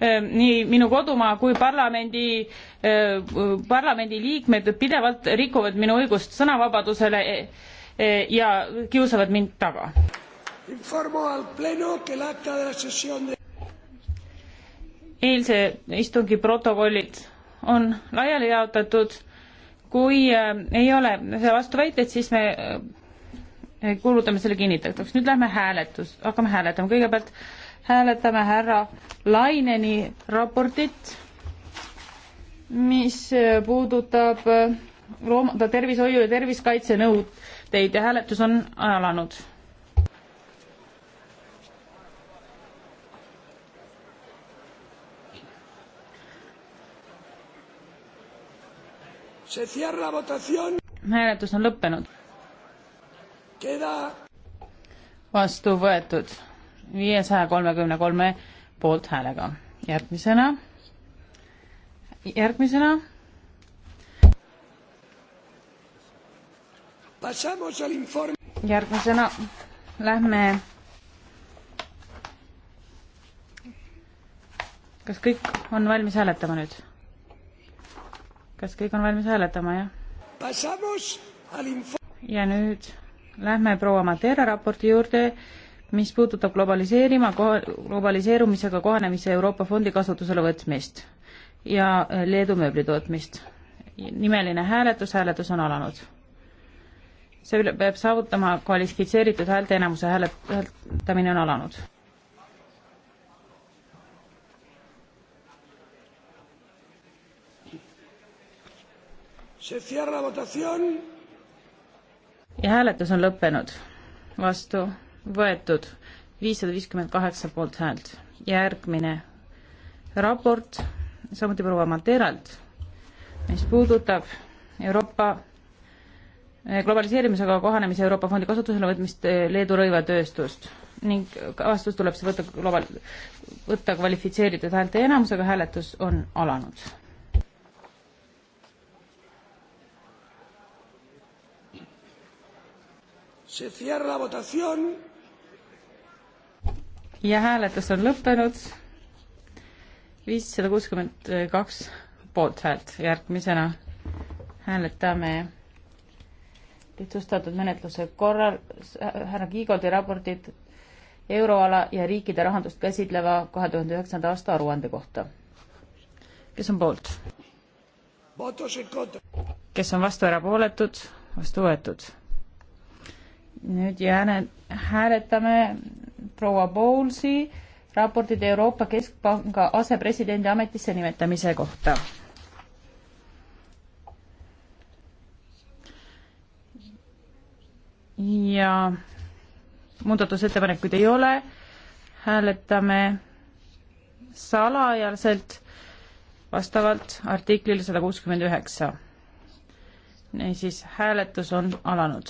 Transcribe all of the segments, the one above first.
Ehm, nii minu kodumaa kui parlamendi, ehm, parlamendi liikmed pidevalt rikuvad minu õigust sõnavabadusele e, e, ja kiusavad mind taga. eilse istungi protokollid on laiali jaotatud, kui ehm, ei ole vastuväiteid, siis me kuulutame selle kinnitatuks. nüüd lähme hääletus, hakkame hääletama, kõigepealt hääletame härra Laineni raportit, mis äh, puudutab äh, loomade tervishoiu ja tervisekaitse nõudeid ja hääletus on alanud. hääletus on lõppenud. vastu võetud viiesaja kolmekümne kolme poolthäälega. järgmisena, järgmisena. järgmisena lähme. kas kõik on valmis hääletama nüüd? kas kõik on valmis hääletama, jah? ja nüüd lähme proua Matera raporti juurde mis puudutab globaliseerima, globaliseerumisega kohanemise Euroopa Fondi kasutusele võtmist ja Leedu mööblitootmist. nimeline hääletus, hääletus on alanud. see üle, peab saavutama kvalifitseeritud häälteenamuse hääle, hääletamine on alanud. ja hääletus on lõppenud. vastu võetud viissada viiskümmend kaheksa poolthäält. järgmine raport, samuti proua Materalt, mis puudutab Euroopa eh, globaliseerimisega kohanemise Euroopa Fondi kasutusele võtmist eh, Leedu rõivatööstust ning vastus tuleb see võtta global-, võtta kvalifitseeritud häälte enamusega, hääletus on alanud. Se cierra votación ja hääletus on lõppenud. viissada kuuskümmend kaks poolthäält. järgmisena hääletame lihtsustatud menetluse korral härra Kiigoldi raportit euroala ja riikide rahandust käsitleva kahe tuhande üheksanda aasta aruande kohta. kes on poolt? kes on vastu erapooletud, vastu võetud. nüüd jääne, hääletame proua Bowlesi raportid Euroopa Keskpanga asepresidendi ametisse nimetamise kohta. ja muudatusettepanekuid ei ole, hääletame salajaselt vastavalt artiklile sada kuuskümmend üheksa. niisiis, hääletus on alanud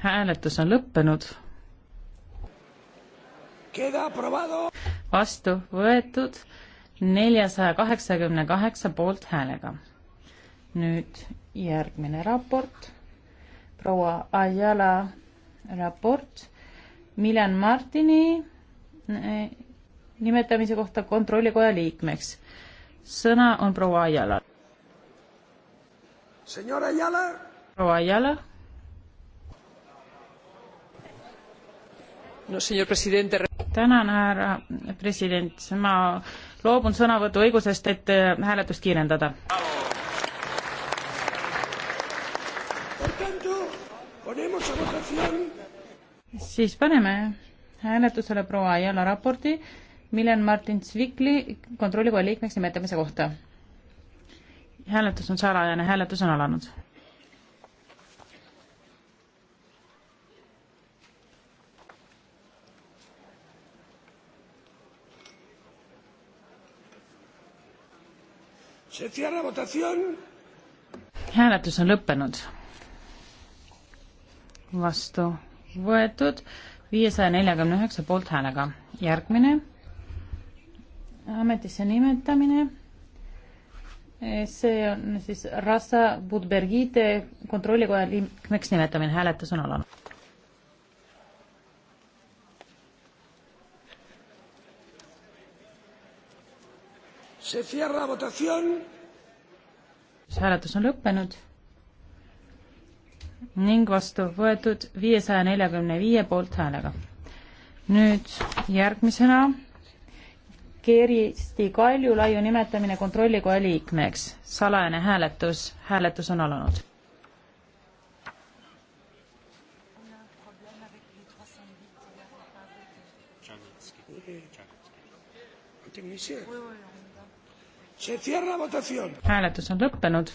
hääletus on lõppenud. vastu võetud neljasaja kaheksakümne kaheksa poolthäälega. nüüd järgmine raport, proua Ayala raport Milen Martini eh, nimetamise kohta kontrollikoja liikmeks. sõna on proua Ayala. Señora Ayala proua Ayala. no senor president. tänan, härra president, ma loobun sõnavõtuõigusest, et äh, hääletust kiirendada. siis paneme hääletusele proua Ayala raporti, Milen Martin Zvikli kontrollikoja liikmeks nimetamise kohta. hääletus on salajane, hääletus on alanud hääletus on lõppenud. vastu võetud viiesaja neljakümne üheksa poolthäälega. järgmine ametisse nimetamine. Eh, see on siis Rasa Budbergite kontrollikoja liikmeks nimetamine, hääletus on alanud. hääletus on lõppenud ning vastu võetud viiesaja neljakümne viie poolthäälega. nüüd järgmisena Kersti Kaljulaiu nimetamine kontrollikoja liikmeks. salajane hääletus, hääletus on alanud. Monsieur. Oui, oui, oui hääletus on lõppenud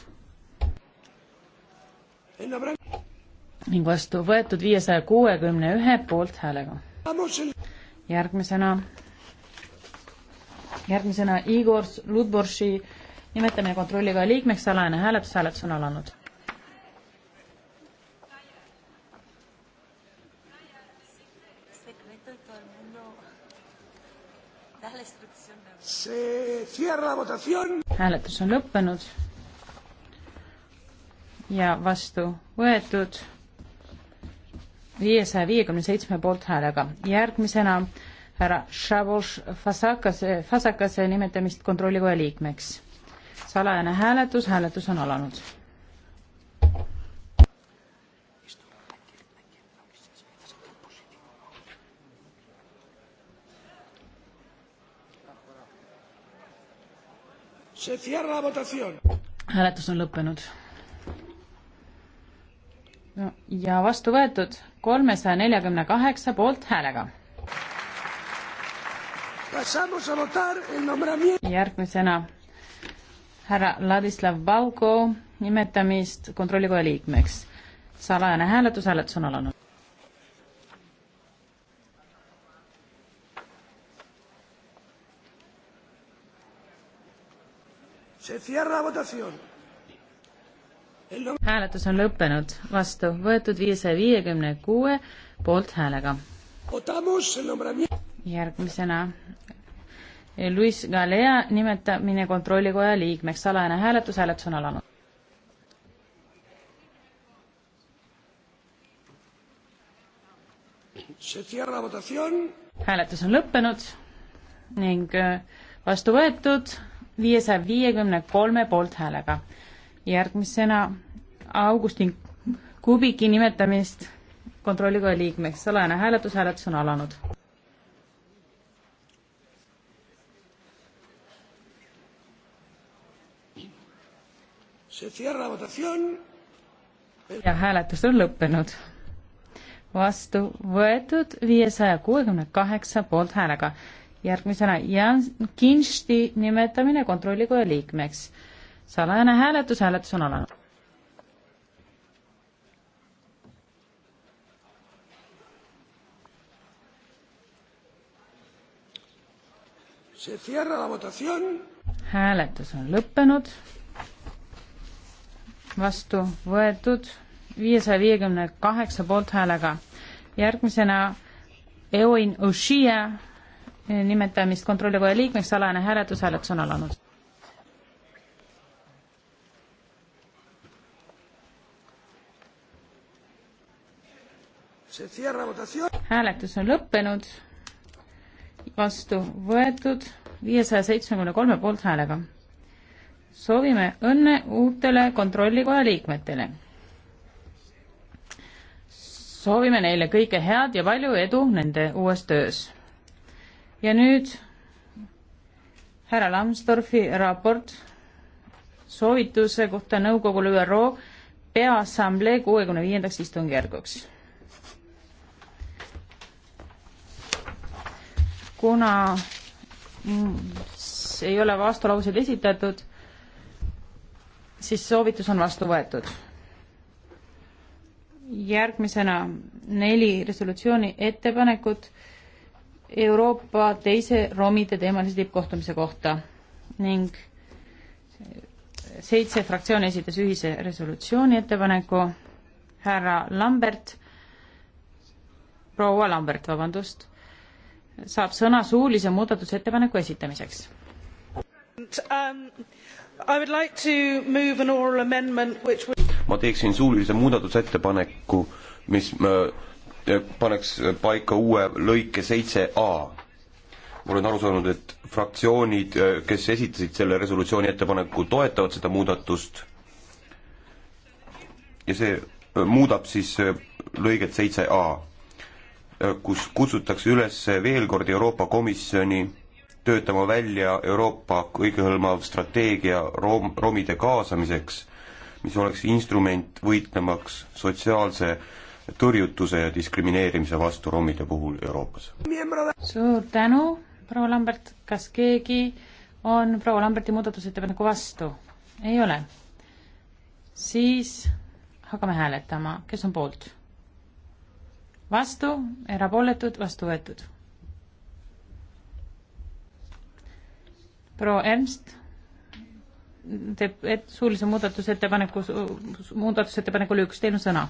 ning vastu võetud viiesaja kuuekümne ühe poolthäälega. järgmisena, järgmisena Igor Ludborši nimetamine kontrolliga liikmeks, salajane hääletus, hääletus on alanud hääletus on lõppenud ja vastu võetud viiesaja viiekümne seitsme poolthäälega. järgmisena härra Šavoš Fasakase, Fasakase nimetamist kontrollikoja liikmeks. salajane hääletus, hääletus on alanud hääletus on lõppenud no,. ja vastu võetud kolmesaja neljakümne kaheksa poolthäälega. järgmisena härra Ladislav Balko nimetamist kontrollikoja liikmeks. salajane hääletus, hääletus on alanud. hääletus on lõppenud, vastu võetud viiesaja viiekümne kuue poolthäälega. järgmisena Luis Galea nimetamine kontrollikoja liikmeks, salajane hääletus, hääletus on alanud. hääletus on lõppenud ning äh, vastu võetud viiesaja viiekümne kolme poolthäälega. järgmisena Augustin Kubiki nimetamist kontrollikoja liikmeks. salajane hääletus, hääletus on alanud. ja hääletus on lõppenud. vastu võetud viiesaja kuuekümne kaheksa poolthäälega järgmisena Jan Kinsti nimetamine kontrollikoja liikmeks. salajane hääletus, hääletus on alanud. hääletus on lõppenud. vastu võetud viiesaja viiekümne kaheksa poolthäälega. järgmisena Eoin Oshia nimetamist kontrollikoja liikmeks, salajane hääletus, hääletus on alanud. hääletus on lõppenud, vastu võetud viiesaja seitsmekümne kolme poolthäälega. soovime õnne uutele kontrollikoja liikmetele. soovime neile kõike head ja palju edu nende uues töös ja nüüd härra Lambsdorfi raport soovituse kohta nõukogule ÜRO Peaassamblee kuuekümne viiendaks istungjärguks. kuna ei ole vastulauseid esitatud, siis soovitus on vastu võetud. järgmisena neli resolutsiooni ettepanekut Euroopa teise romide teemalise tippkohtumise kohta ning seitse fraktsiooni esitas ühise resolutsiooni ettepaneku. härra Lambert, proua Lambert, vabandust, saab sõna suulise muudatusettepaneku esitamiseks. Um, ma teeksin suulise muudatusettepaneku, mis äh, paneks paika uue lõike seitse A. ma olen aru saanud, et fraktsioonid, äh, kes esitasid selle resolutsiooni ettepaneku, toetavad seda muudatust ja see äh, muudab siis äh, lõiget seitse A, kus kutsutakse üles veel kord Euroopa Komisjoni töötama välja Euroopa kõigehõlmav strateegia rom-, romide kaasamiseks, mis oleks instrument võitlemaks sotsiaalse tõrjutuse ja diskrimineerimise vastu romide puhul Euroopas. suur tänu, proua Lambert, kas keegi on proua Lamberti muudatusettepaneku vastu? ei ole. siis hakkame hääletama, kes on poolt? vastu, erapooletud, vastu võetud. proua Ernst teeb et suulise muudatusettepaneku, muudatusettepanekule üks, teil on sõna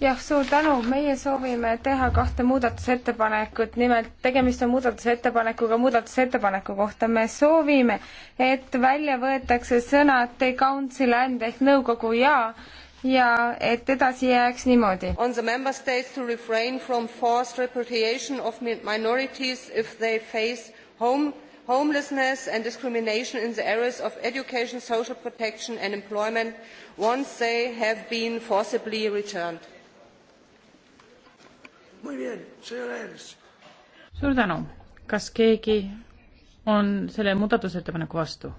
jah, suur tänu, meie soovime teha kahte muudatusettepanekut, nimelt tegemist on muudatusettepanekuga muudatusettepaneku kohta. me soovime, et välja võetakse sõnad the council and ehk nõukogu ja ja et edasi jääks niimoodi. On the member states to refrain from forced repatriation of minorities if they face home homelessness and discrimination in the areas of education, social protection and employment once they have been forcibly returned suur tänu. kas keegi on selle muudatusettepaneku vastu?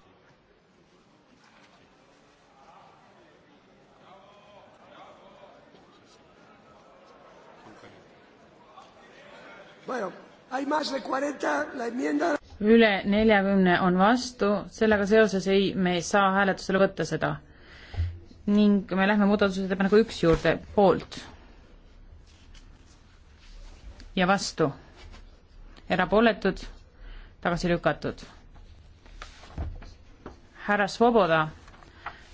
üle neljakümne on vastu, sellega seoses ei, me ei saa hääletusele võtta seda. ning me lähme muudatusettepaneku üks juurde, poolt ja vastu, erapooletud, tagasi lükatud. härra Svoboda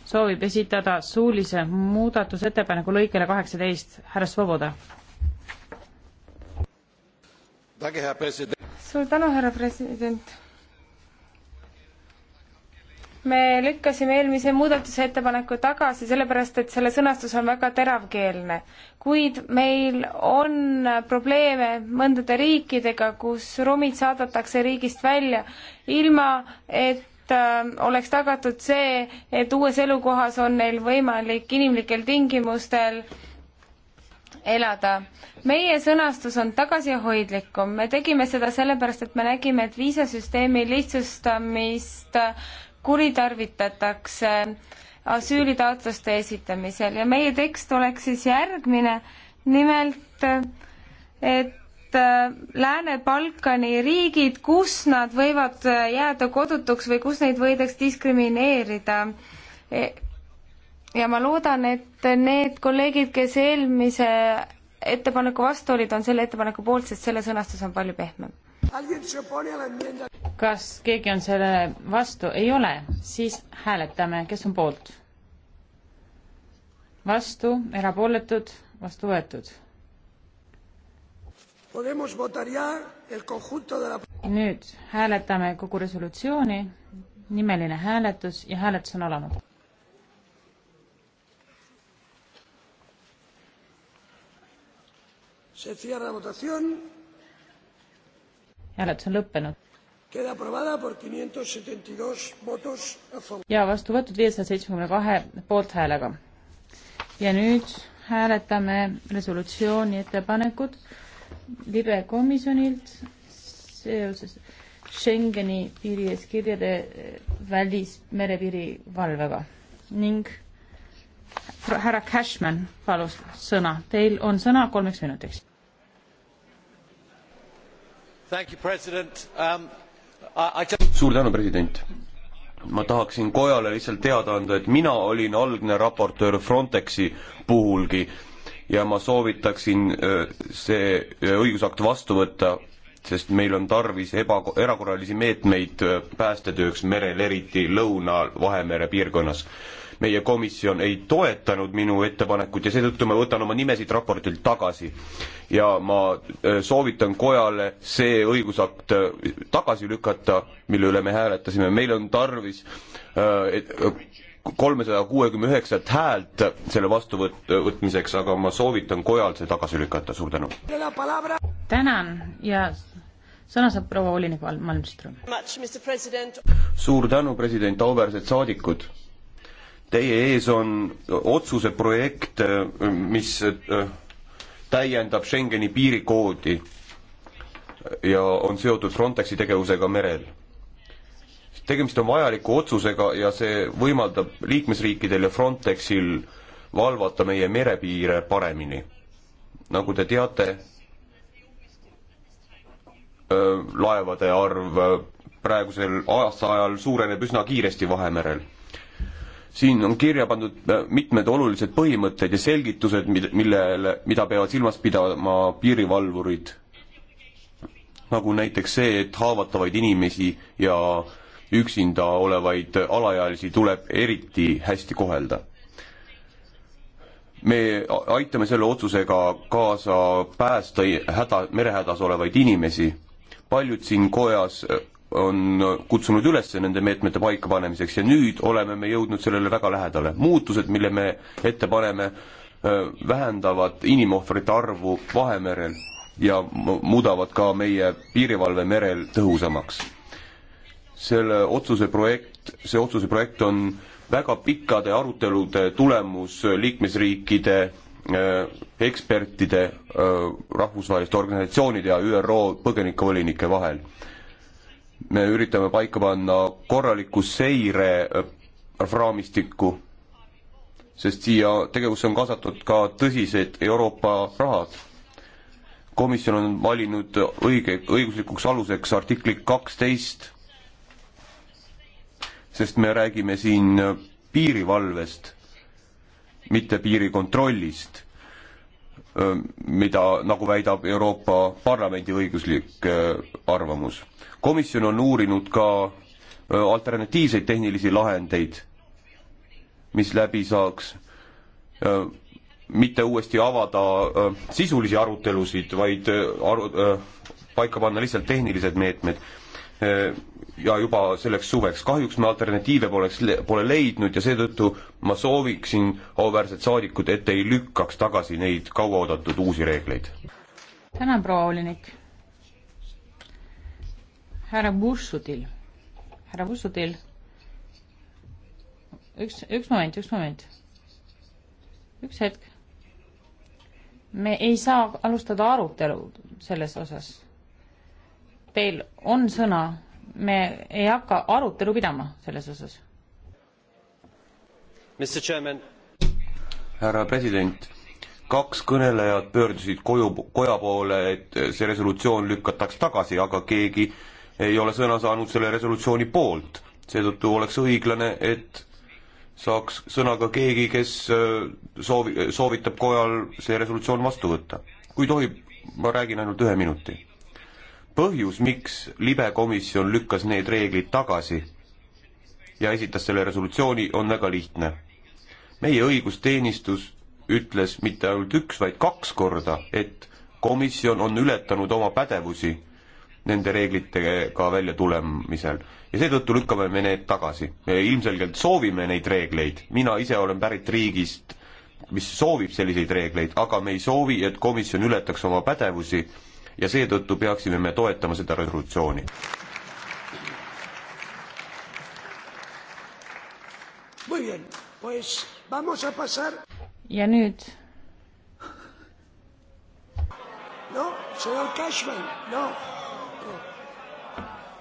soovib esitada suulise muudatusettepaneku lõikele kaheksateist. härra Svoboda. suur tänu, härra president me lükkasime eelmise muudatusettepaneku tagasi, sellepärast et selle sõnastus on väga teravkeelne. kuid meil on probleeme mõndade riikidega, kus romid saadetakse riigist välja ilma, et äh, oleks tagatud see, et uues elukohas on neil võimalik inimlikel tingimustel elada. meie sõnastus on tagasihoidlikum, me tegime seda sellepärast, et me nägime, et viisasüsteemi lihtsustamist kuritarvitatakse asüülitaotluste esitamisel ja meie tekst oleks siis järgmine, nimelt et äh, Lääne-Balkani riigid, kus nad võivad äh, jääda kodutuks või kus neid võidaks diskrimineerida. E, ja ma loodan, et need kolleegid, kes eelmise ettepaneku vastu olid, on selle ettepaneku poolt, sest selle sõnastus on palju pehmem kas keegi on selle vastu? ei ole, siis hääletame, kes on poolt? vastu, erapooletud, vastu võetud. nüüd hääletame kogu resolutsiooni, nimeline hääletus ja hääletus on alanud. Se cierra votación hääletus on lõppenud. ja vastu võetud viiesaja seitsmekümne kahe poolthäälega. ja nüüd hääletame resolutsiooni ettepanekut libe komisjonilt seoses Schengeni piirieeskirjade välismerepiiri valvega ning härra Cashman palus sõna, teil on sõna kolmeks minutiks Um, suur tänu, president! ma tahaksin kojale lihtsalt teada anda, et mina olin algne raportöör Frontexi puhulgi ja ma soovitaksin äh, see äh, õigusakt vastu võtta, sest meil on tarvis eba, erakorralisi meetmeid äh, päästetööks merel, eriti Lõuna-Vahemere piirkonnas meie komisjon ei toetanud minu ettepanekut ja seetõttu ma võtan oma nimesid raportilt tagasi. ja ma äh, soovitan kojale see õigusakt äh, tagasi lükata, mille üle me hääletasime, meil on tarvis äh, kolmesaja kuuekümne üheksat häält selle vastuvõt-, võtmiseks, aga ma soovitan kojal see tagasi lükata, suur tänu. tänan ja sõna saab proua volinik Malmström. suur tänu, president, auväärsed saadikud Teie ees on otsuse projekt, mis äh, täiendab Schengeni piirikoodi ja on seotud Frontexi tegevusega merel. tegemist on vajaliku otsusega ja see võimaldab liikmesriikidel ja Frontexil valvata meie merepiire paremini. nagu te teate, äh, laevade arv äh, praegusel aastaajal suureneb üsna kiiresti Vahemerel siin on kirja pandud äh, mitmed olulised põhimõtted ja selgitused, millele, mida peavad silmas pidama piirivalvurid. nagu näiteks see, et haavatavaid inimesi ja üksinda olevaid alaealisi tuleb eriti hästi kohelda. me aitame selle otsusega kaasa päästa häda, merehädas olevaid inimesi. paljud siin kojas on kutsunud üles nende meetmete paikapanemiseks ja nüüd oleme me jõudnud sellele väga lähedale. muutused, mille me ette paneme, vähendavad inimohvrite arvu Vahemerel ja muudavad ka meie piirivalve merel tõhusamaks. selle otsuse projekt, see otsuse projekt on väga pikkade arutelude tulemus liikmesriikide ekspertide, rahvusvaheliste organisatsioonide ja ÜRO põgenikevolinike vahel me üritame paika panna korraliku seire äh, raamistikku, sest siia tegevusse on kaasatud ka tõsised Euroopa rahad. komisjon on valinud õige, õiguslikuks aluseks artikli kaksteist, sest me räägime siin piirivalvest, mitte piirikontrollist mida, nagu väidab Euroopa Parlamendi õiguslik äh, arvamus. komisjon on uurinud ka äh, alternatiivseid tehnilisi lahendeid, mis läbi saaks äh, mitte uuesti avada sisulisi arutelusid, vaid aru, paika panna lihtsalt tehnilised meetmed Äh, ja juba selleks suveks. kahjuks me alternatiive poleks, pole leidnud ja seetõttu ma sooviksin, auväärsed saadikud, et ei lükkaks tagasi neid kauaoodatud uusi reegleid. tänan, proua volinik. härra Bussutil, härra Bussutil, üks, üks moment, üks moment, üks hetk. me ei saa alustada arutelu selles osas teil on sõna, me ei hakka arutelu pidama selles osas. härra president, kaks kõnelejat pöördusid koju, koja poole, et see resolutsioon lükataks tagasi, aga keegi ei ole sõna saanud selle resolutsiooni poolt. seetõttu oleks õiglane, et saaks sõna ka keegi, kes äh, soovi, soovitab kojal see resolutsioon vastu võtta. kui tohib, ma räägin ainult ühe minuti põhjus, miks libe komisjon lükkas need reeglid tagasi ja esitas selle resolutsiooni, on väga lihtne. meie õigusteenistus ütles mitte ainult üks, vaid kaks korda, et komisjon on ületanud oma pädevusi nende reeglitega välja tulemisel ja seetõttu lükkame me need tagasi. me ilmselgelt soovime neid reegleid, mina ise olen pärit riigist, mis soovib selliseid reegleid, aga me ei soovi, et komisjon ületaks oma pädevusi ja seetõttu peaksime me toetama seda resolutsiooni. ja nüüd? no, señor Cashman, no.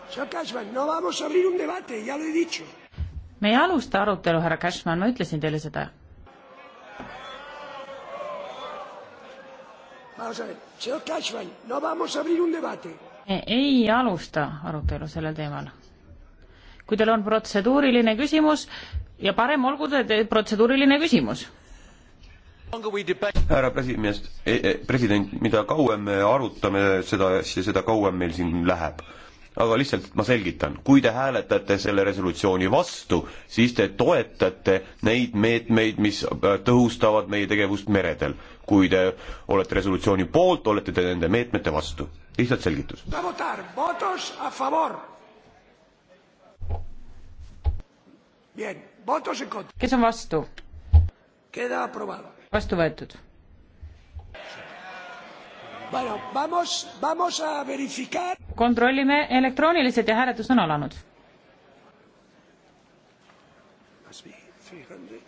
Señor Cashman, no vamos a abrir un debate, ya lo he dicho. me ei alusta arutelu, härra Cashman, ma ütlesin teile seda Vamos a ver, señor Cashman, no vamos a abrir un debate. Eh, ei alusta arutelu sellel teemal. kui teil on protseduuriline küsimus ja parem olgu see protseduuriline küsimus. härra presimees, e, president, mida kauem me arutame seda asja, seda kauem meil siin läheb aga lihtsalt ma selgitan, kui te hääletate selle resolutsiooni vastu, siis te toetate neid meetmeid, mis äh, tõhustavad meie tegevust meredel kui te olete resolutsiooni poolt, olete te nende meetmete vastu. lihtsalt selgitus. kes on vastu? vastu võetud. kontrollime elektrooniliselt ja hääletus on alanud. 300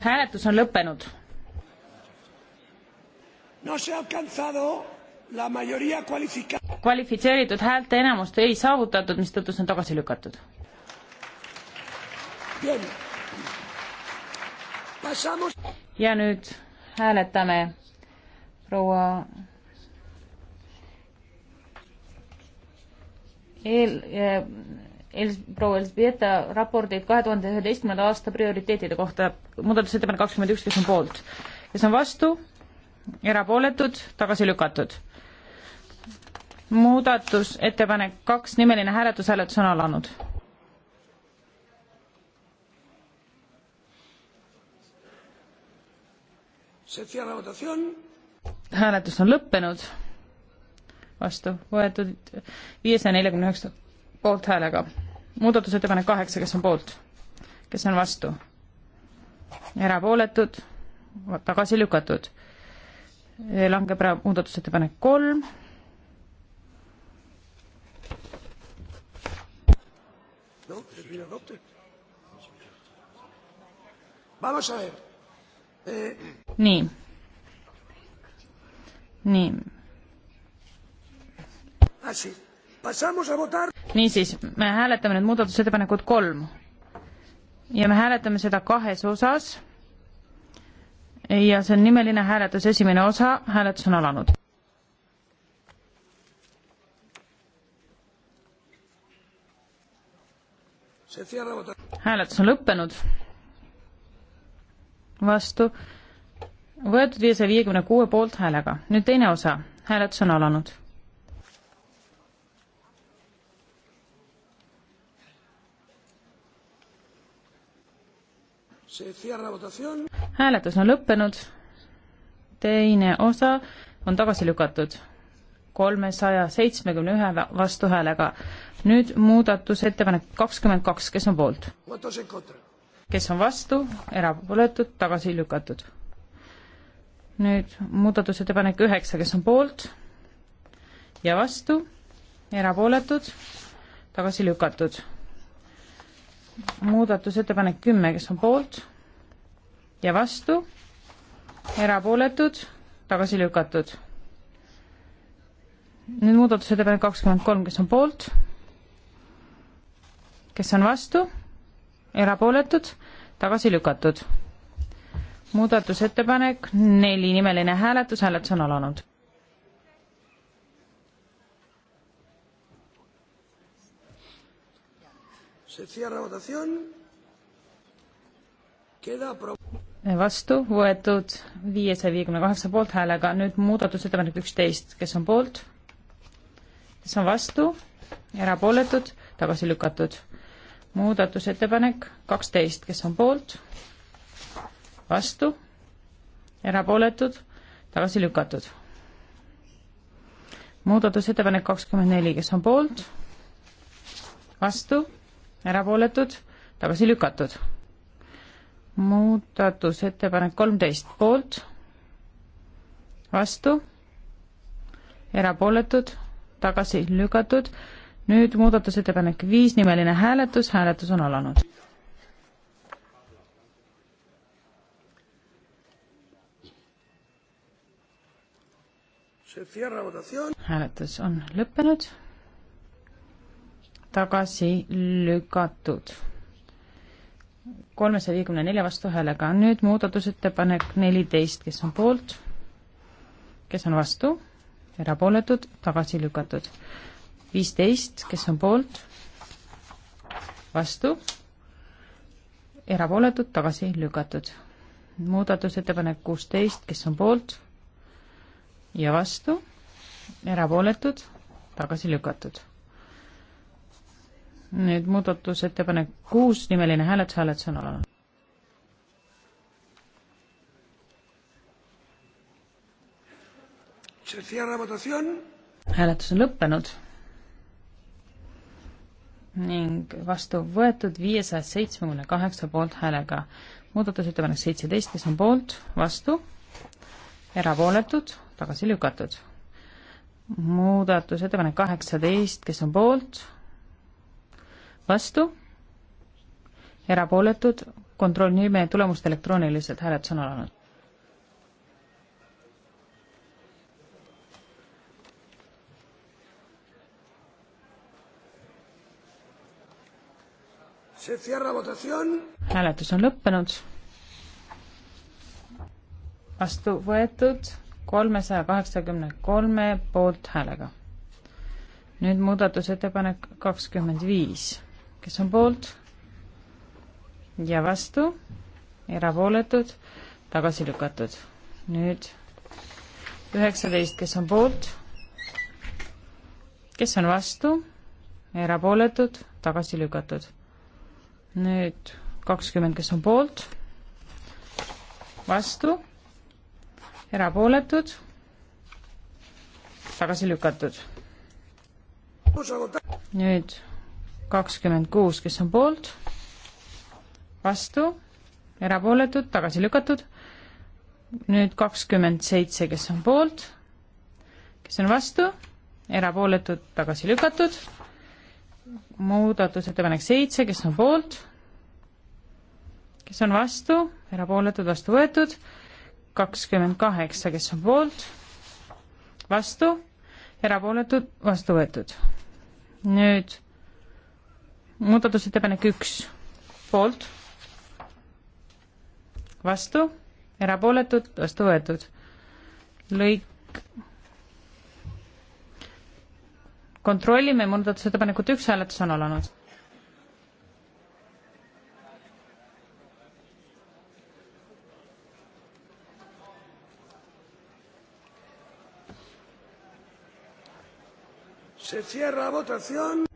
hääletus on lõppenud. kvalifitseeritud häälteenamust ei saavutatud, mistõttu see on tagasi lükatud. ja nüüd hääletame proua eel- eh, Els-, proua Elžbieta raporteid kahe tuhande üheteistkümnenda aasta prioriteetide kohta. muudatusettepanek kakskümmend üks, kes on poolt, kes on vastu, erapooletud, tagasi lükatud. muudatusettepanek kaks, nimeline hääletus, hääletus on alanud. hääletus on lõppenud, vastu võetud viiesaja neljakümne üheksa poolthäälega. muudatusettepanek kaheksa, kes on poolt? kes on vastu? erapooletud, tagasi lükatud. Eh, langeb ära muudatusettepanek kolm. Eh, nii. nii. Ah, niisiis, me hääletame nüüd muudatusettepanekut kolm ja me hääletame seda kahes osas. ja see on nimeline hääletus, esimene osa, hääletus on alanud. hääletus on lõppenud. vastu võetud viiesaja viiekümne kuue poolthäälega. nüüd teine osa, hääletus on alanud hääletus on lõppenud. teine osa on tagasi lükatud kolmesaja seitsmekümne ühe vastuhäälega. nüüd muudatusettepanek kakskümmend kaks, kes on poolt? kes on vastu, erapooletud, tagasi lükatud. nüüd muudatusettepanek üheksa, kes on poolt ja vastu, erapooletud, tagasi lükatud muudatusettepanek kümme, kes on poolt, ja vastu, erapooletud, tagasi lükatud. nüüd muudatusettepanek kakskümmend kolm, kes on poolt, kes on vastu, erapooletud, tagasi lükatud. muudatusettepanek neli, nimeline hääletus, hääletus on alanud. Se cierra votación. Queda aprobado vastu võetud viiesaja viiekümne kaheksa poolthäälega, nüüd muudatusettepanek üksteist, kes on poolt, kes on vastu, erapooletud, tagasi lükatud. muudatusettepanek kaksteist, kes on poolt, vastu, erapooletud, tagasi lükatud. muudatusettepanek kakskümmend neli, kes on poolt, vastu, erapooletud, tagasi lükatud muudatusettepanek kolmteist poolt, vastu, erapooletud, tagasi lükatud. nüüd muudatusettepanek viis, nimeline hääletus, hääletus on alanud. hääletus on lõppenud, tagasi lükatud kolmesaja viiekümne nelja vastuhäälega. nüüd muudatusettepanek neliteist, kes on poolt, kes on vastu, erapooletud, tagasi lükatud. viisteist, kes on poolt, vastu, erapooletud, tagasi lükatud. muudatusettepanek kuusteist, kes on poolt ja vastu, erapooletud, tagasi lükatud nüüd muudatusettepanek kuus, nimeline hääletus, hääletus on alanud. hääletus on lõppenud ning vastu võetud viiesaja seitsmekümne kaheksa poolthäälega. muudatusettepanek seitseteist, kes on poolt, vastu, erapooletud, tagasi lükatud. muudatusettepanek kaheksateist, kes on poolt, vastu, erapooletud, kontrollime tulemust elektrooniliselt, hääletus on alanud. hääletus on lõppenud. vastu võetud kolmesaja kaheksakümne kolme poolthäälega. nüüd muudatusettepanek kakskümmend viis kes on poolt ja vastu, erapooletud, tagasi lükatud. nüüd üheksateist, kes on poolt, kes on vastu, erapooletud, tagasi lükatud. nüüd kakskümmend, kes on poolt, vastu, erapooletud, tagasi lükatud. nüüd kakskümmend kuus, kes on poolt, vastu, erapooletud, tagasi lükatud. nüüd kakskümmend seitse, kes on poolt, kes on vastu, erapooletud, tagasi lükatud. muudatusettepanek seitse, kes on poolt, kes on vastu, erapooletud, vastu võetud. kakskümmend kaheksa, kes on poolt, vastu, erapooletud, vastu võetud. nüüd muudatusettepanek üks poolt, vastu, erapooletud, vastu võetud. lõik. kontrollime muudatusettepanekut üks, hääletus on alanud.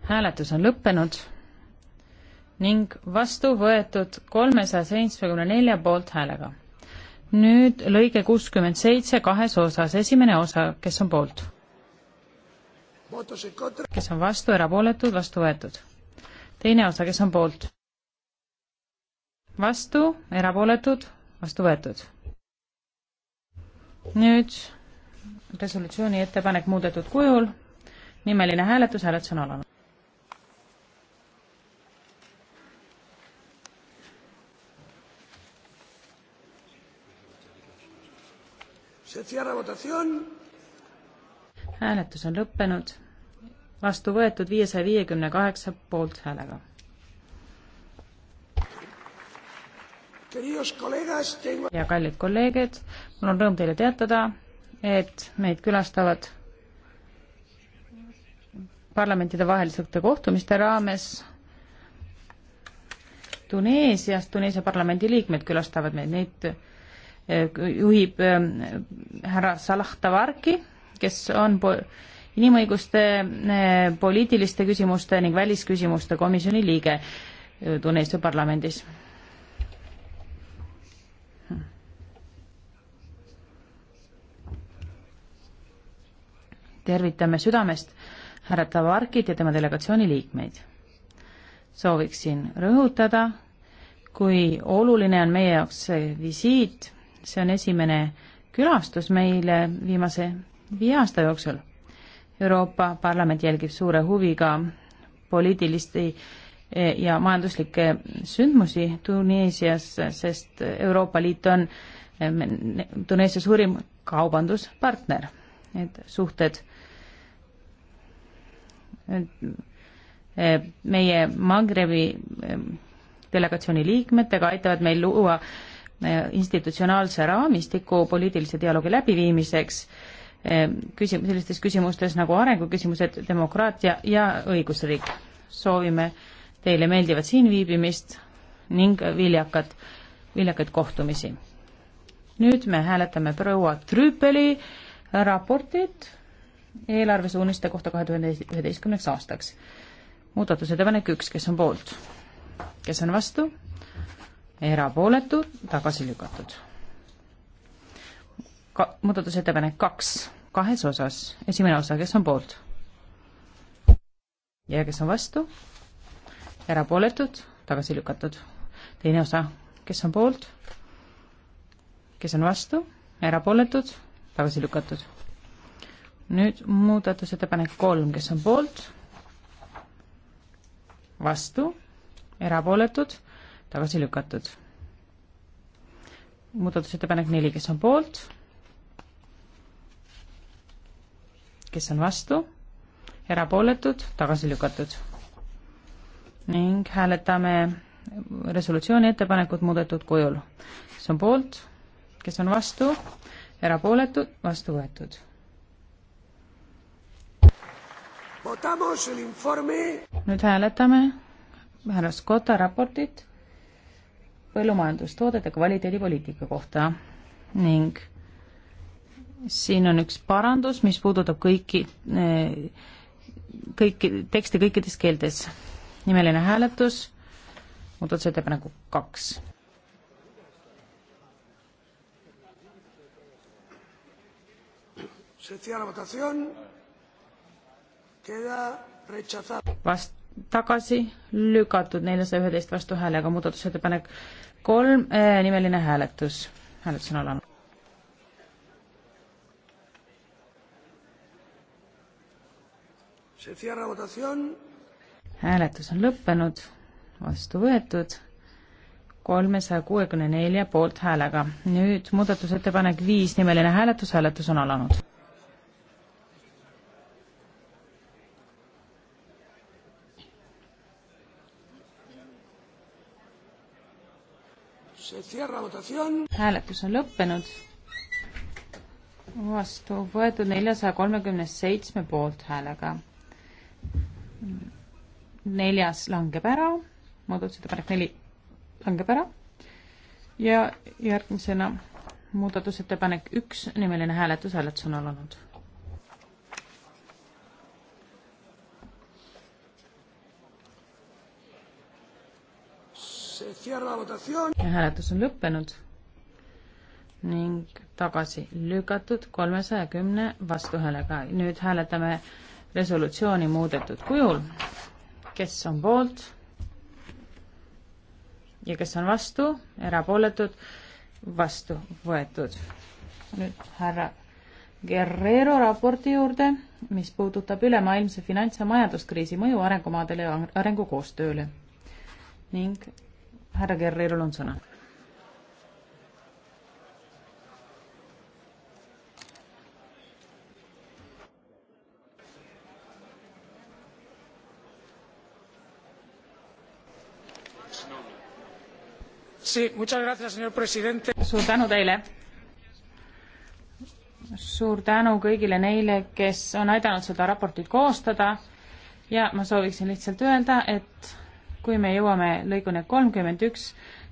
hääletus on lõppenud ning vastu võetud kolmesaja seitsmekümne nelja poolthäälega. nüüd lõige kuuskümmend seitse kahes osas, esimene osa, kes on poolt? kes on vastu, erapooletud, vastu võetud. teine osa, kes on poolt? vastu, erapooletud, vastu võetud. nüüd resolutsiooni ettepanek muudetud kujul, nimeline hääletus, hääletus on alanud. hääletus on lõppenud, vastu võetud viiesaja viiekümne kaheksa poolthäälega. ja kallid kolleegid, mul on rõõm teile teatada, et meid külastavad parlamentidevaheliste kohtumiste raames Tuneesias, Tuneesia parlamendi liikmed külastavad meid, neid juhib äh, härra Salah Tavarki, kes on po inimõiguste, äh, poliitiliste küsimuste ning välisküsimuste komisjoni liige äh, Tuneesia parlamendis. tervitame südamest härra Tavarkit ja tema delegatsiooni liikmeid. sooviksin rõhutada, kui oluline on meie jaoks see visiit see on esimene külastus meile viimase viie aasta jooksul. Euroopa Parlament jälgib suure huviga poliitilisi ja majanduslikke sündmusi Tuneesias, sest Euroopa Liit on Tuneesia suurim kaubanduspartner. et suhted et meie Magrebi eh, delegatsiooni liikmetega aitavad meil luua Äh, institutsionaalse raamistiku poliitilise dialoogi läbiviimiseks äh, küsim-, sellistes küsimustes nagu arenguküsimused, demokraatia ja õigusriik. soovime teile meeldivat siinviibimist ning viljakat, viljakaid kohtumisi. nüüd me hääletame proua Trüüpeli raportit eelarvesuuniste kohta kahe tuhande üheteistkümneks aastaks. muudatusettepanek üks, kes on poolt, kes on vastu? erapooletu, tagasi lükatud. ka-, muudatusettepanek kaks, kahes osas, esimene osa, kes on poolt? ja kes on vastu? erapooletud, tagasi lükatud. teine osa, kes on poolt? kes on vastu? erapooletud, tagasi lükatud. nüüd muudatusettepanek kolm, kes on poolt? vastu, erapooletud tagasi lükatud. muudatusettepanek neli, kes on poolt? kes on vastu? erapooletud, tagasi lükatud. ning hääletame resolutsiooni ettepanekut muudetud kujul. kes on poolt, kes on vastu, erapooletud, vastu võetud. nüüd hääletame härra Scotta raportit põllumajandustoodete kvaliteedipoliitika kohta ning siin on üks parandus, mis puudutab kõiki, kõiki tekste kõikides keeltes. nimeline hääletus, muudatusettepaneku kaks. vast-, tagasi lükatud neljasaja üheteist vastuhäälega muudatusettepanek kolm äh,, nimeline hääletus. hääletus on alanud. hääletus on lõppenud, vastu võetud kolmesaja kuuekümne nelja poolthäälega. nüüd muudatusettepanek viis, nimeline hääletus, hääletus on alanud hääletus on lõppenud. vastu võetud neljasaja kolmekümne seitsme poolthäälega. neljas langeb ära, muudatusettepanek neli langeb ära ja järgmisena muudatusettepanek üks, nimeline hääletus, hääletus on alanud ja hääletus on lõppenud ning tagasi lükatud kolmesaja kümne vastuhäälega. nüüd hääletame resolutsiooni muudetud kujul. kes on poolt ja kes on vastu, erapooletud, vastu võetud. nüüd härra Guerrero raporti juurde, mis puudutab ülemaailmse finants- ja majanduskriisi mõju arengumaadele ja arengukoostööle ning härra Guerrero'l on sõna. suur tänu teile suur tänu kõigile neile, kes on aidanud seda raportit koostada ja ma sooviksin lihtsalt öelda, et kui me jõuame lõiguni kolmkümmend üks,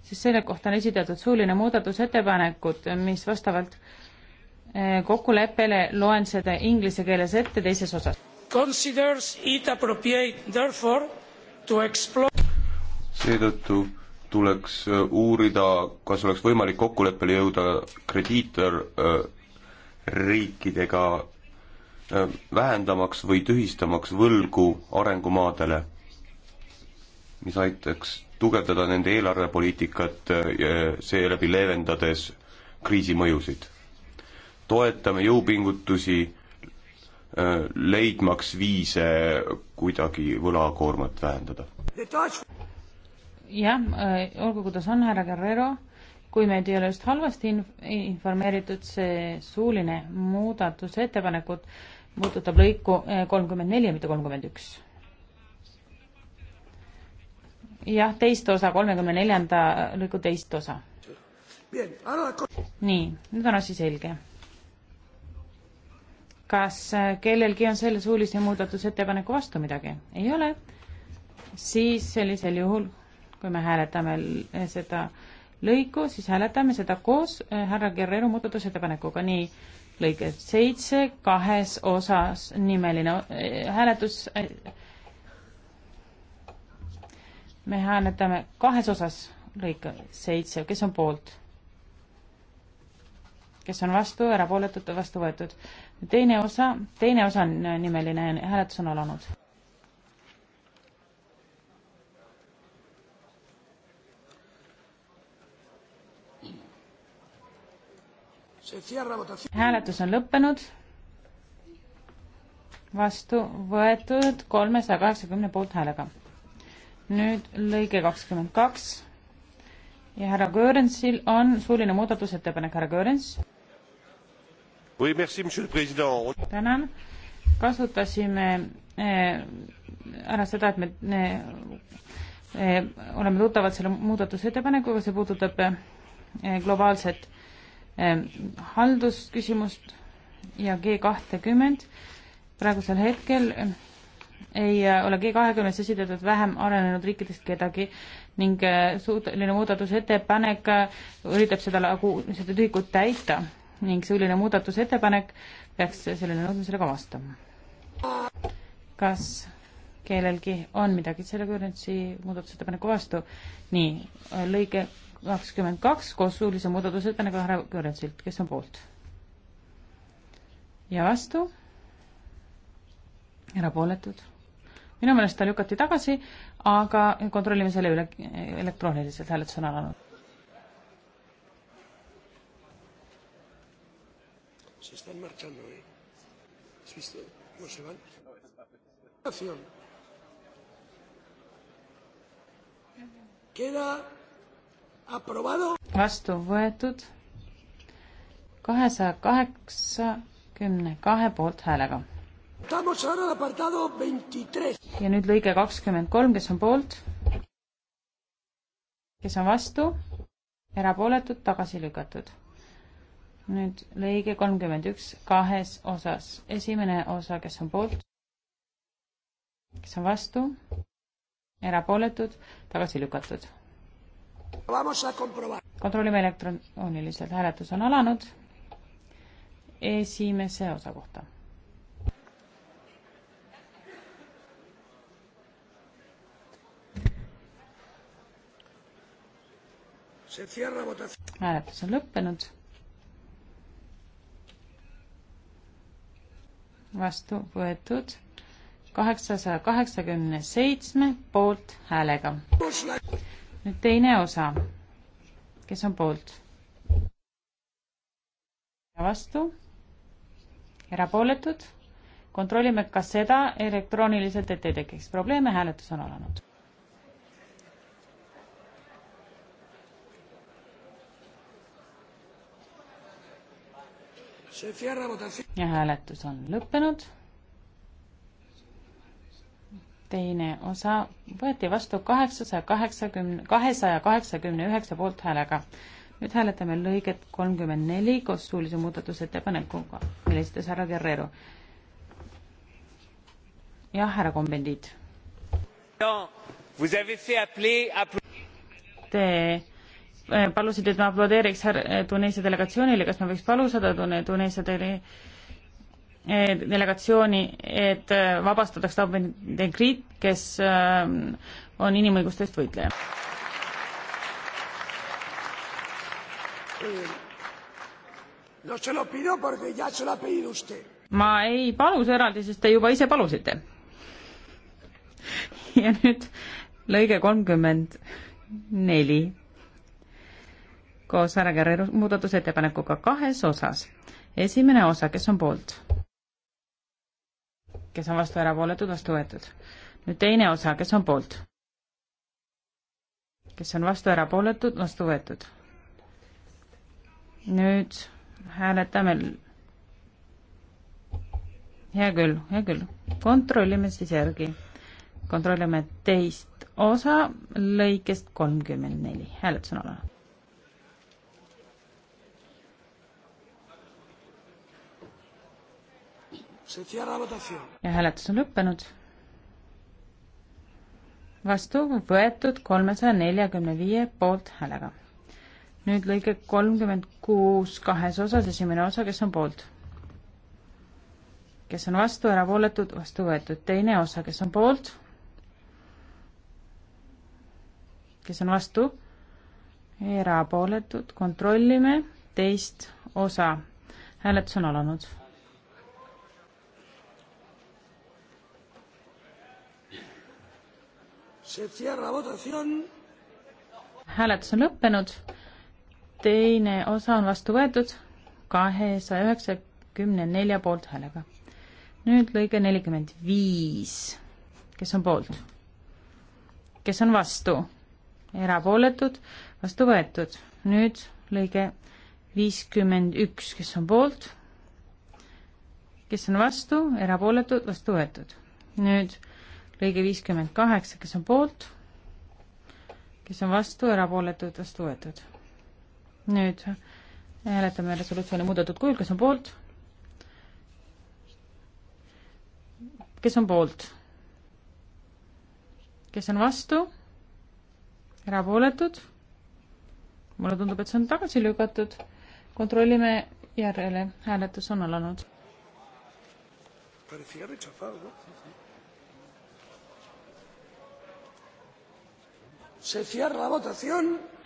siis selle kohta on esitatud suuline muudatusettepanekud, mis vastavalt eh, kokkuleppele loen seda inglise keeles ette teises osas. Considers it appropriate therefore to explore seetõttu tuleks eh, uurida, kas oleks võimalik kokkuleppele jõuda krediitorriikidega, eh, vähendamaks või tühistamaks võlgu arengumaadele mis aitaks tugevdada nende eelarvepoliitikat, seeläbi leevendades kriisi mõjusid. toetame jõupingutusi äh, leidmaks viise kuidagi võlakoormat vähendada. jah, äh, olgu kuidas on, härra Guerrero, kui meid ei ole just halvasti inf-, informeeritud, see suuline muudatusettepanek puudutab lõiku äh, kolmkümmend neli, mitte kolmkümmend üks jah, teist osa, kolmekümne neljanda lõigu teist osa. nii, nüüd on asi selge. kas äh, kellelgi on selle suulise muudatusettepaneku vastu midagi? ei ole? siis sellisel juhul, kui me hääletame äh, seda lõiku, siis hääletame seda koos äh, härra Guerrero muudatusettepanekuga, nii lõige seitse kahes osas nimeline hääletus äh, me hääletame kahes osas lõike seitse, kes on poolt? kes on vastu, erapooletud, vastu võetud. teine osa, teine osa on nimeline, hääletus on alanud. hääletus on lõppenud. vastu võetud kolmesaja kaheksakümne poolthäälega nüüd lõige kakskümmend kaks ja härra Göransil on suuline muudatusettepanek, härra Görans oui,. tänan, kasutasime eh, ära seda, et me ne, eh, ne, eh, oleme tuttavad selle muudatusettepanekuga, see puudutab globaalset haldusküsimust ja G kahtekümmend praegusel hetkel ei äh, ole G20-s esitatud vähem arenenud riikidest kedagi ning äh, suuteline muudatusettepanek äh, üritab seda nagu, seda tühikut täita ning selline muudatusettepanek peaks sellele nõudmisele ka vastama. kas kellelgi on midagi selle kujundisi muudatusettepaneku vastu? nii, lõige kakskümmend kaks koos suulise muudatusettepanekuga härra Kõrentsilt, kes on poolt? ja vastu? erapooletud minu meelest ta lükati tagasi, aga kontrollime selle üle eh, elektrooniliselt, hääletus on alanud. Se están marchando, ¿eh? ¿Has visto cómo se van? Acción. Queda aprobado. Vastu võetud kahesaja kaheksakümne kahe poolthäälega ja nüüd lõige kakskümmend kolm, kes on poolt, kes on vastu, erapooletud, tagasi lükatud. nüüd lõige kolmkümmend üks kahes osas, esimene osa, kes on poolt, kes on vastu, erapooletud, tagasi lükatud. kontrollime elektrooniliselt, hääletus on alanud esimese osa kohta hääletus on lõppenud. vastu võetud kaheksasaja kaheksakümne seitsme poolt häälega. nüüd teine osa. kes on poolt? vastu? erapooletud? kontrollime ka seda elektrooniliselt, et ei tekiks probleeme, hääletus on alanud ja hääletus on lõppenud. teine osa võeti vastu kaheksasaja kaheksakümne, kahesaja kaheksakümne üheksa poolthäälega. nüüd hääletame lõiget kolmkümmend neli koos suulise muudatusettepanekuga, mille esitas härra Guerrero. jah, härra kombendiit. Te Eh, palusid, et ma aplodeeriks eh, Tuneesia delegatsioonile, kas ma võiks palusada Tuneesia dele-, eh, delegatsiooni, et vabastataks Taubin Degrit, kes on inimõiguste eest võitleja. ma ei palus eraldi, sest te juba ise palusite. ja nüüd lõige kolmkümmend neli koos härra Kärri muudatusettepanekuga kahes osas. esimene osa, kes on poolt? kes on vastu, erapooletud, vastu võetud. nüüd teine osa, kes on poolt? kes on vastu, erapooletud, vastu võetud. nüüd hääletame. hea küll, hea küll, kontrollime siis järgi. kontrollime teist osa lõikest kolmkümmend neli, hääletus on alanud. ja hääletus on lõppenud. vastu võetud kolmesaja neljakümne viie poolthäälega. nüüd lõige kolmkümmend kuus kahes osas, esimene osa, kes on poolt? kes on vastu, erapooletud, vastu võetud. teine osa, kes on poolt? kes on vastu? erapooletud, kontrollime teist osa. hääletus on alanud hääletus on lõppenud, teine osa on vastu võetud kahesaja üheksakümne nelja poolthäälega. nüüd lõige nelikümmend viis, kes on poolt? kes on vastu? erapooletud, vastu võetud. nüüd lõige viiskümmend üks, kes on poolt? kes on vastu, erapooletud, vastu võetud. nüüd lõige viiskümmend kaheksa, kes on poolt, kes on vastu, erapooletud, vastu võetud. nüüd hääletame resolutsiooni muudetud kujul, kes on poolt, kes on poolt, kes on vastu, erapooletud, mulle tundub, et see on tagasi lükatud, kontrollime järele, hääletus on alanud. Parecía rechazado, ¿no?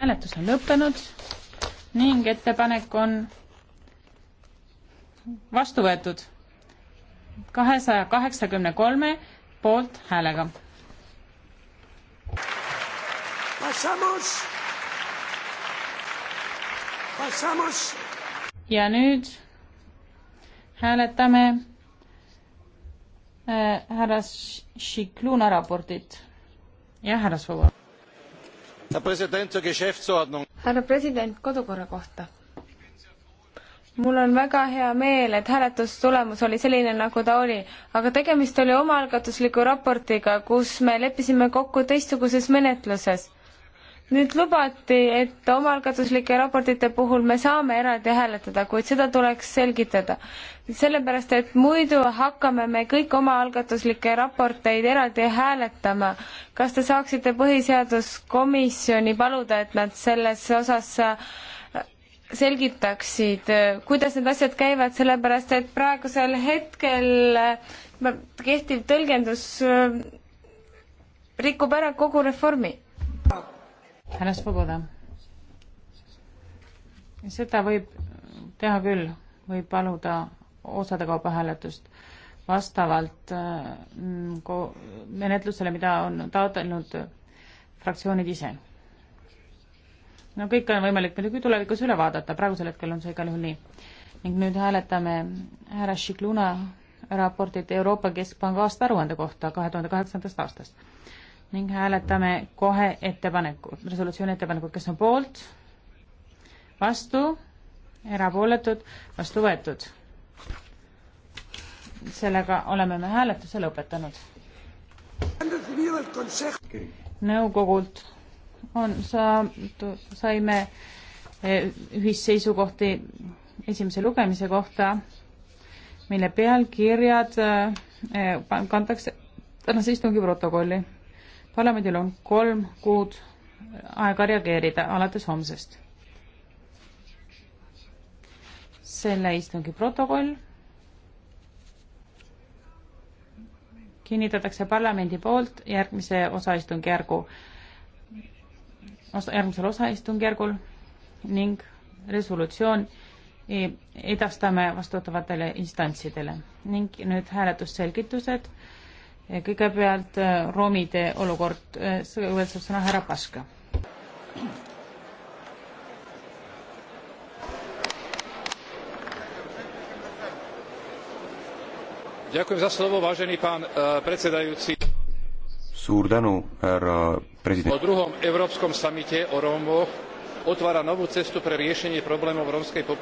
hääletus on lõppenud ning ettepanek on vastu võetud kahesaja kaheksakümne kolme poolthäälega. ja nüüd hääletame äh, härra Šikluna raportit. jah, härra Suva härra president, kodukorra kohta. mul on väga hea meel, et hääletustulemus oli selline, nagu ta oli, aga tegemist oli omaalgatusliku raportiga, kus me leppisime kokku teistsuguses menetluses nüüd lubati, et omaalgatuslike raportite puhul me saame eraldi hääletada, kuid seda tuleks selgitada. sellepärast, et muidu hakkame me kõik omaalgatuslikke raporteid eraldi hääletama. kas te saaksite põhiseaduskomisjoni paluda, et nad selles osas äh, selgitaksid, äh, kuidas need asjad käivad, sellepärast et praegusel hetkel äh, kehtiv tõlgendus rikub ära kogu reformi härra Svoboda. seda võib teha küll, võib paluda osade kaupa hääletust vastavalt mm, menetlusele, mida on taotlenud fraktsioonid ise. no kõike on võimalik muidugi tulevikus üle vaadata, praegusel hetkel on see igal juhul nii. ning nüüd hääletame härra Šikluna raportit Euroopa Keskpanga aastaaruande kohta kahe tuhande kaheksandast aastast ning hääletame kohe ettepanekut, resolutsiooni ettepanekut, kes on poolt, vastu, erapooletud, vastu võetud. sellega oleme me hääletuse lõpetanud. nõukogult on saadud, saime e, ühisseisukohti esimese lugemise kohta, mille pealkirjad e, kantakse tänase istungi protokolli parlamendil on kolm kuud aega reageerida alates homsest. selle istungi protokoll kinnitatakse parlamendi poolt järgmise osaistungjärgu, järgmisel osaistungjärgul ning resolutsioon e-, edastame vastutavatele instantsidele ning nüüd hääletusselgitused kõigepealt äh, romide olukord, äh, kõigepealt saab sõna härra Paška. E, suur tänu, härra president. po druhom európskom samite o rómoch otvára novú cestu pre riešenie problémov rómskej populácie.